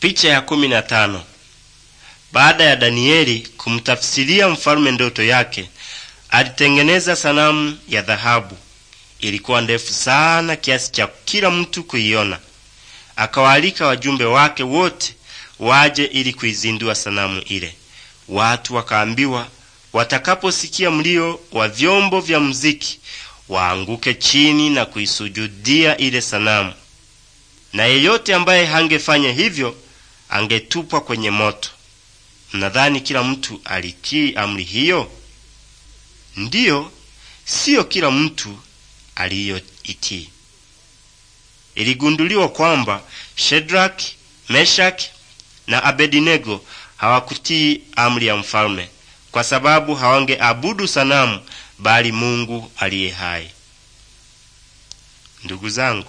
Picha ya kumi na tano. Baada ya Danieli kumtafsiria mfalme ndoto yake, alitengeneza sanamu ya dhahabu. Ilikuwa ndefu sana kiasi cha kila mtu kuiona. Akawaalika wajumbe wake wote waje ili kuizindua sanamu ile. Watu wakaambiwa watakaposikia mlio wa vyombo vya muziki waanguke chini na kuisujudia ile sanamu, na yeyote ambaye hangefanya hivyo angetupwa kwenye moto. Mnadhani kila mtu alitii amri hiyo? Ndiyo, siyo kila mtu aliyoitii. Iligunduliwa kwamba shedrak Meshaki na Abedinego hawakutii amri ya mfalme kwa sababu hawangeabudu sanamu bali Mungu aliye hai. Ndugu zangu,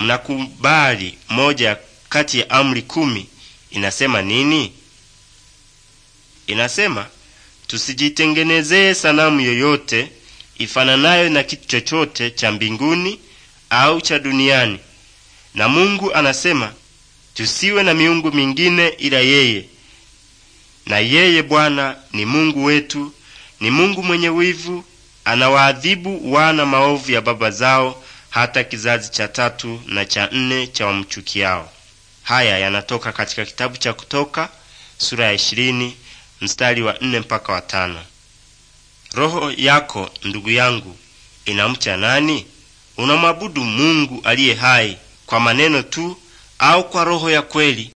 mnakubali moja kati ya amri kumi inasema nini? Inasema tusijitengenezee sanamu yoyote ifananayo na kitu chochote cha mbinguni au cha duniani. Na Mungu anasema tusiwe na miungu mingine ila yeye, na yeye Bwana ni Mungu wetu, ni Mungu mwenye wivu, anawaadhibu wana maovu ya baba zao hata kizazi cha tatu na cha nne cha wamchukiao. Haya yanatoka katika kitabu cha Kutoka sura ya ishirini mstari wa nne mpaka wa tano. Roho yako ndugu yangu inamcha nani? Unamwabudu Mungu aliye hai kwa maneno tu au kwa roho ya kweli